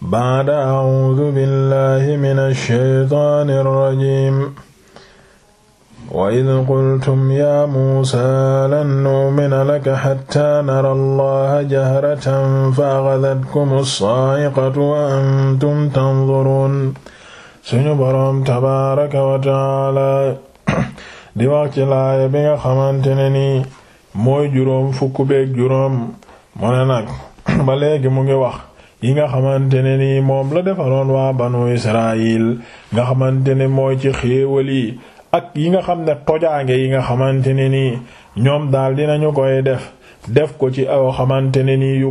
baada audu billahi min alsheytaan alrajim wa id qultum ya muusa lan nu'mina laka xatta nara allaha jahratan fa axadatkum alsaa'iqatu wa antum tanzuruun suñu boroom tabaaraka wa taala di wax ci laaya bi nga xamante ne nii mooy juróom fukk beeg juróom mu ne nag ba léegi mu ngi wax yi nga xamante ne nii moom la defaloon waa banu Israayil nga xamante ne mooy ci xéewal yi ak yi nga xam ne tojaange yi nga xamante ne nii ñoom daal dina dinañu koy def def ko ci aw xamante ne nii yu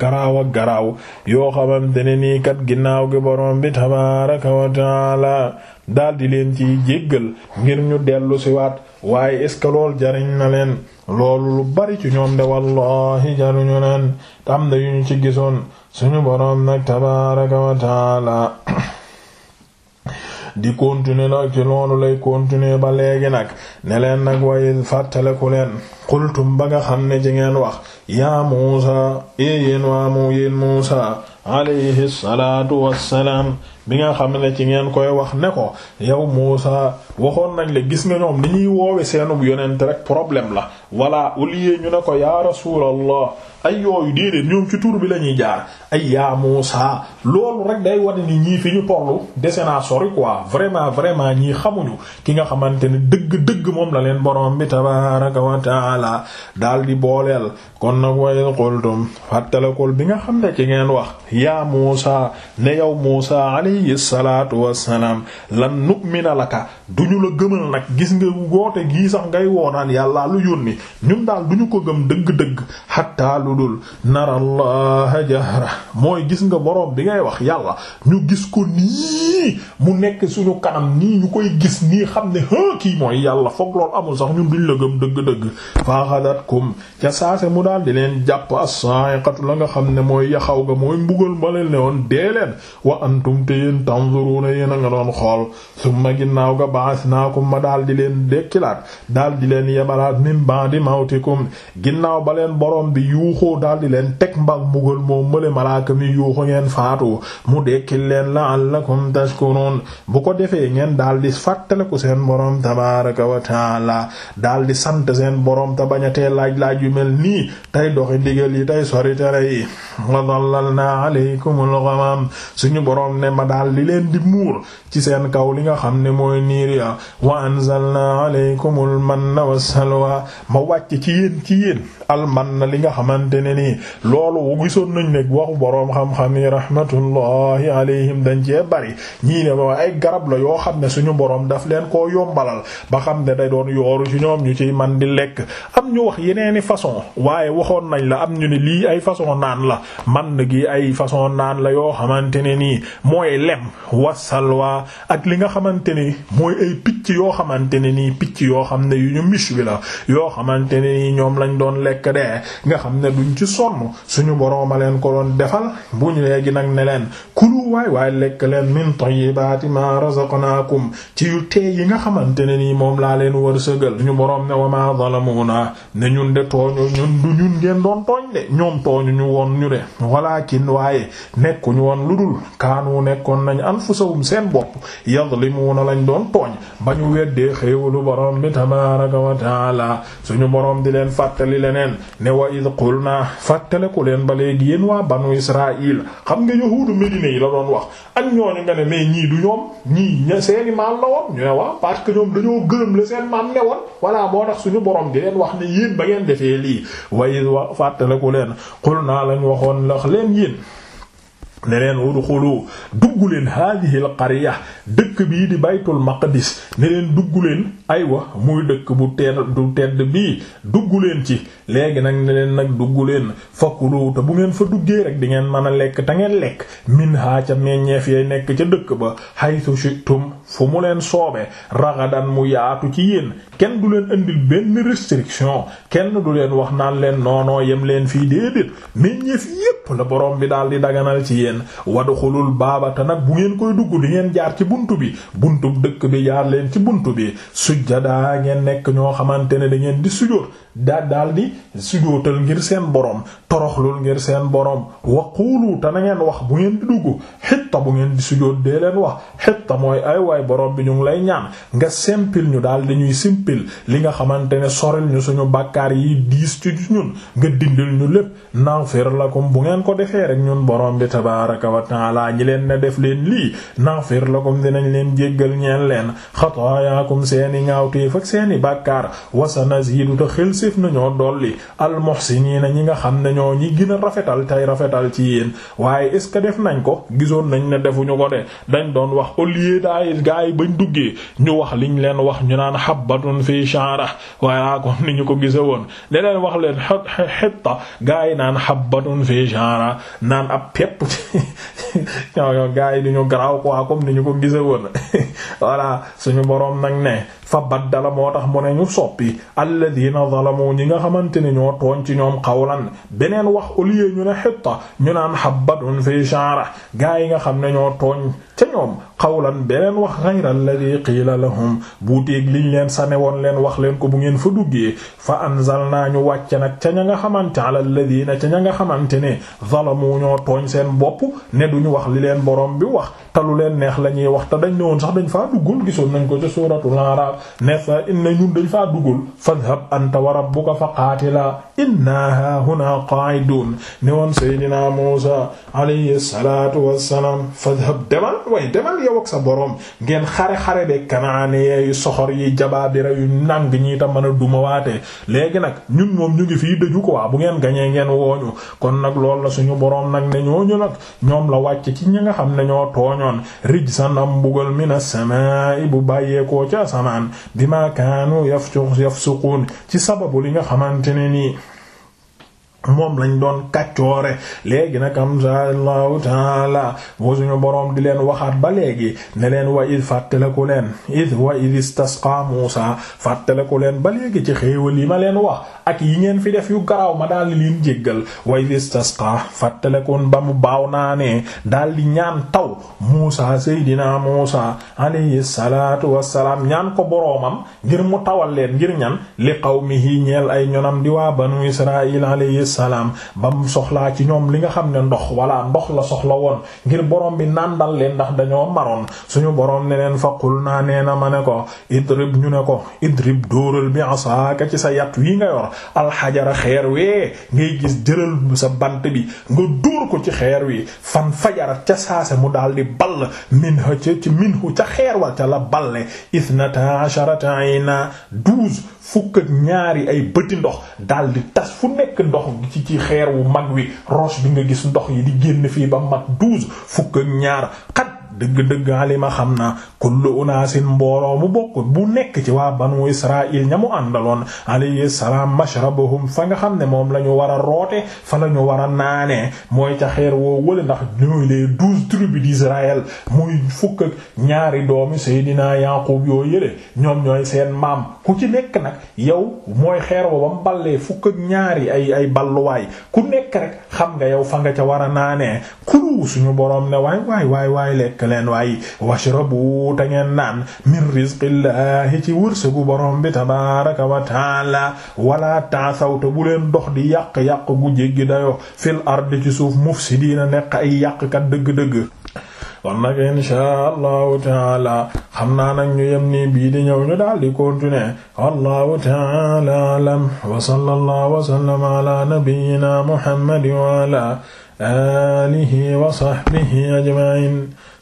garaaw a garaaw yoo xamante ne nii kat ginnaaw gi borom bi tabaaraka wa taala di leen ciy jéggal ngir ñu dellu siwaat waaye est ce que lool jariñ na leen loolu lu bari ci ñoom de wallahi jaruñu leen tam da yu ñu ci gisoon suñu boroom nag tabaaraka wa di continuer nag ci loolu lay continuer ba léegi nag ne leen nag waaye fàttaleku leen xultum ba nga xam ne ci ngeen wax yaa Muusa e yéen waa mu yéen Muusa alayhi salaatu wassalaam bi nga xam ne ci ngeen koy wax ne ko yow Muusa waxoon nañ la gis nga ñoom ni ñuy woowe seenub yonent rek problème la voilà au lieu ñu ne ko ya rasulallah ay yooyu déedéet ñoom ci tur bi la ñuy jaar ay yaa Muusa loolu rek day wane ni ñii fi ñu tollu dese naa sori quoi vraiment ñii xamuñu ki nga xamante ne dëgg dëgg moom la leen borom bi tabaaraka wa taala dal di booleel kon nag way qultum fàttalakol bi nga xam ne ci ngeen wax ya Muusa yow Muusa alayhi salaatu wassalaam lan nu'mina laka duñu la gëmal nag gis nga goote gii sax ngay woonaan yàllaa lu yónni ñun daal duñu ko gëm dëgg-dëgg xattaa lu dul nara allaha jahra mooy gis nga boroom bi ngay wax yàlla ñu gis ko nii mu nekk suñu kanam nii ñu koy gis nii xam ne ha kii mooy yàlla foog lool amul sax ñun duñ la gëm dëgg-dëgg faaxadatkum ca saase mu daal di leen jàpp as-sa'iqatu la nga xam ne mooy yaxaw nga mooy mbugal ma leen woon dee leen wa antum yéen tanzuruuna a nga doon xool summa ginnaaw ma daal di leen dekkilaat daal di leen yebalaat min ba'di mawtikum ginnaaw ba leen borom bi yuuxoo daal di leen teg mbag mugal moo mële malaaka mi yuuxu ngeen faatu mu dekkil leen la'allakum tashkurun bu ko defee ngeen daal di fàttaliku seen borom tabaaraka wa taala daal di sant seen borom te bañ a tee laaj laaj yu mel nii tey doxi digal yi tey sori tere yi wa dallalna alaykumul ghamam suñu borom ne ma daal di leen di muur ci seen kaw li nga xam ne mooy niir ya wa anzalna alaykumul manna wassalwa ma wàcc ci yéen ci yéen al manna li nga xamante ne nii loolu gisoon nañ ne waxu boroom xam-xam yi rahmatullahi dañ cee bari ñii ne wa ay garab la yoo xam ne suñu boroom daf leen koo yombalal ba xam ne day doon yooru ci ñoom ñu ciy man di lekk am ñu wax yeneeni façon waaye waxoon nañ la am ñu ne lii ay façon naan la man gi ay façon naan la yoo xamante ne nii lem wasalwa ak li nga xamante ni mooy ay picc yoo xamante ne nii picc yoo xam ne yu ñu miche wi la yoo xamante ne ñoom lañ doon lekk dee nga xam ne duñ ci sonn suñu borom a leen ko doon defal bu ñu léegi nag ne leen kulu waaye lekk leen min tayyibati ma razaqnakum ci yu yi nga xamante ne nii moom laa leen war sëgal ñu borom ne wa ma zalamuna ne ñun de tooñu ñun du ñun ngeen doon tooñ de ñoom tooñu ñu woon ñu de walakin waaye nekkuñu woon lu dul kaanu nekkoon fekkoon nañ anfusahum seen bopp yadlimuuna lañu doon tooñ ba ñu weddee xéewalu borom bi tabaaraka wa taala suñu boroom di leen fàttali leneen ne wa id qulna fàttale ku leen ba léegi yéen waa banu israil xam nga yahuudu médine yi la doon wax ak ñooñu nga ne mais ñii du ñoom ñii ña seeni maam la woon ñu ne waaw parce que ñoom dañoo gërëm la seen maam ne woon voilà moo tax suñu borom di leen wax ne yéen ba ngeen defee lii wa id wa fàttale ku leen qulna lañ waxoon lax leen yéen ne leen udxulu dugg leen hadihi al qarya dëkk bii di baytul maqdis ne leen dugg leen aywa muy dëkk bu tedd du tedd bii dugg leen ci léegi nag ne leen nag dugg leen fakulu te bu ngeen fa duggee rek di ngeen mën a lekk te ngeen lekk min haa ca meññeef yay nekk ca dëkk ba haythu shi'tum fu mu leen soobe ragadan mu yaatu ci yéen kenn du leen indil benn restriction kenn du leen wax naan leen noonoo yem leen fii déedéet meññeef yépp lépp la borom bi daal di daganal ci yéen wadxulul baaba te nag bu ngeen koy dugg di ngeen jaar ci buntu bi buntu dëkk bi jaar leen ci buntu bi daa ngeen nekk ñoo xamante ne dangeen di sujoot daa daal di sujootal ngir seen borom toroxlul ngir seen borom waquulu te na ngeen wax bu ngeen di dugg xitta bu ngeen di sujoot dee leen wax xitta mooy ay waay borom bi ñu ngi lay ñaan nga simpil ñu daal di ñuy simpil li nga xamante ne soril ñu suñu bàkkaar yi diis ci ñun nga dindil lépp ngeen ko defee rek ñun borom bi tabaaraka wa taala ñi leen ne def leen lii nafir lakum dinañ leen jéggal ñeen leen xataayaakum seeni ñaawteef ak seeni bàkkaar wasanaziidu te xelséef nañoo dolli almuhsiniina ñi nga xam ne ñoo ñi gën a rafetal tey rafetal ci yéen waaye est ce que def nañ ko gisoon nañ ne defuñu ko de dañ doon wax au lieu daay gaay bañ duggee ñu wax liñ leen wax ñu naan habbatun fii sha'ra waaye comme ni ñu ko gise woon genre naan ab pepp ñoo ñoo gars yi du ñu garaaw quoi comme ni ñu ko gise woon voilà suñu boroom nag ne fa baddala moo tax mu ne ñu soppi alladina zalamu ñi nga xamante ne ñoo tooñ ci ñoom xawlan beneen wax au lieu ñu ne xitta ñu naan habbatun fi sha'ra gaa yi nga xam ne ñoo tooñ ca ñoom xawlan beneen wax ghayra alladhi qiila lahum buuteeg liñ leen sane woon leen wax leen ko bu ngeen fa duggee fa anzalna ñu wàcce nag ca ña nga xamante ala alladina ca ña nga xamante ne zalamu ñoo tooñ seen bopp ne duñu wax li leen boroom bi wax te leen neex la ñuy wax te dañ ne woon sax dañ faa duggul gisoon nañ ko ci suuratul Araaf ne fa inna ñun dañ faa duggul fadhhab anta wa rabbuka fa qaatila inna haahuna qaa'idun ne woon Seydina Muusaa alayhi salaatu wassalaam fadhhab demal way demal yow sa borom ngeen xare-xare de Kanaan yi soxor yi jabaabira yu nang ñi ta mën a dumawaatee léegi nag ñun moom ñu ngi fii dëju ko waa bu ngeen gañee ngeen wooñu kon nag lool yàlla suñu boroom nag ne ñooñu nag ñoom la wàcc ci ñi nga xam ne ñoo sa rijsan am mbugal mina samaa'i bu bàyyeekoo ca asamaan ma kaanu yafsuqun ci sababu li nga xamante ne nii moom lañ doon kàccoore léegi nag am sa allahu taala moo suñu boroom di leen waxaat ba léegi ne leen wa id fàttaleku leen id wa id istasqa Muusa fàttaleku leen ba léegi ci xéewal yi ma leen wax ak yi ngeen fi def yu garaaw ma daal di leen jéggal wa id istasqa fàttalekoon ba mu baaw naa ne daal di ñaan taw Muusa seydina Muusa alayhi salaatu wassalaam ñaan ko boroomam ngir mu tawal leen ngir ñan li qawmihi ñeel ay ñonam di waa banu Israil salaam ba mu soxlaa ci ñoom li nga xam ne ndox walla ndox la soxla woon ngir borom bi nàndal leen ndax dañoo maroon suñu borom ne leen faqul naa nee na ma ne ko idrib ñu ne ko idrib dóoral bi asaaka ci sa yat wi nga yor alxajara xeer wee ngay gis jëral sa bant bi nga dóor ko ci xeer wi fan fajara ca saase mu daal di ball min ca ci minhu ca xeer wa ca la balle isnata asharata ayna douze fukk ak ñaari ay bëti ndox daal di tas fu nekk ndox ci ci xeer wu mag wi roche bi nga gis ndox yi di génn fii ba mag douze fukk ak ñaar dëgg-dëgg alima xam na kullu unaasin mbooloo mu bokk bu nekk ci waa banu israil ñamu mu àndaloon alayhi salaam mashrabahum fa nga xam ne moom la ñu war a roote fa la ñu war a naanee mooy ca xeer woo wala ndax ñooy les douze tribus d'Israël muy fukk ñaari doomi Seydina Yaaqub yoo yële ñoom ñooy seen maam ku ci nekk nag yow mooy xeer wo ba mu ballee fukk ñaari ay ay balluwaay ku nekk rek xam nga yow fa nga ca war naane naanee suñu boroom ne waay waay waay leen waaye washrabu ta ngeen naan min rizqillahi ci wërsëgu borom bi tabaraka wa taala wala taasawta bu leen dox di yàq-yàq gu jéggi dayo fil ardi ci suuf mufsidiina nekk ay yàqkat dëgg-dëgg kon nag insha allahu taala xam naa nag ñu yem di ñëw ñu daal di continuer alam wa sallallahu wa sallama ala nabiyyina muhammadin wa ala wa sahbihi ajma'in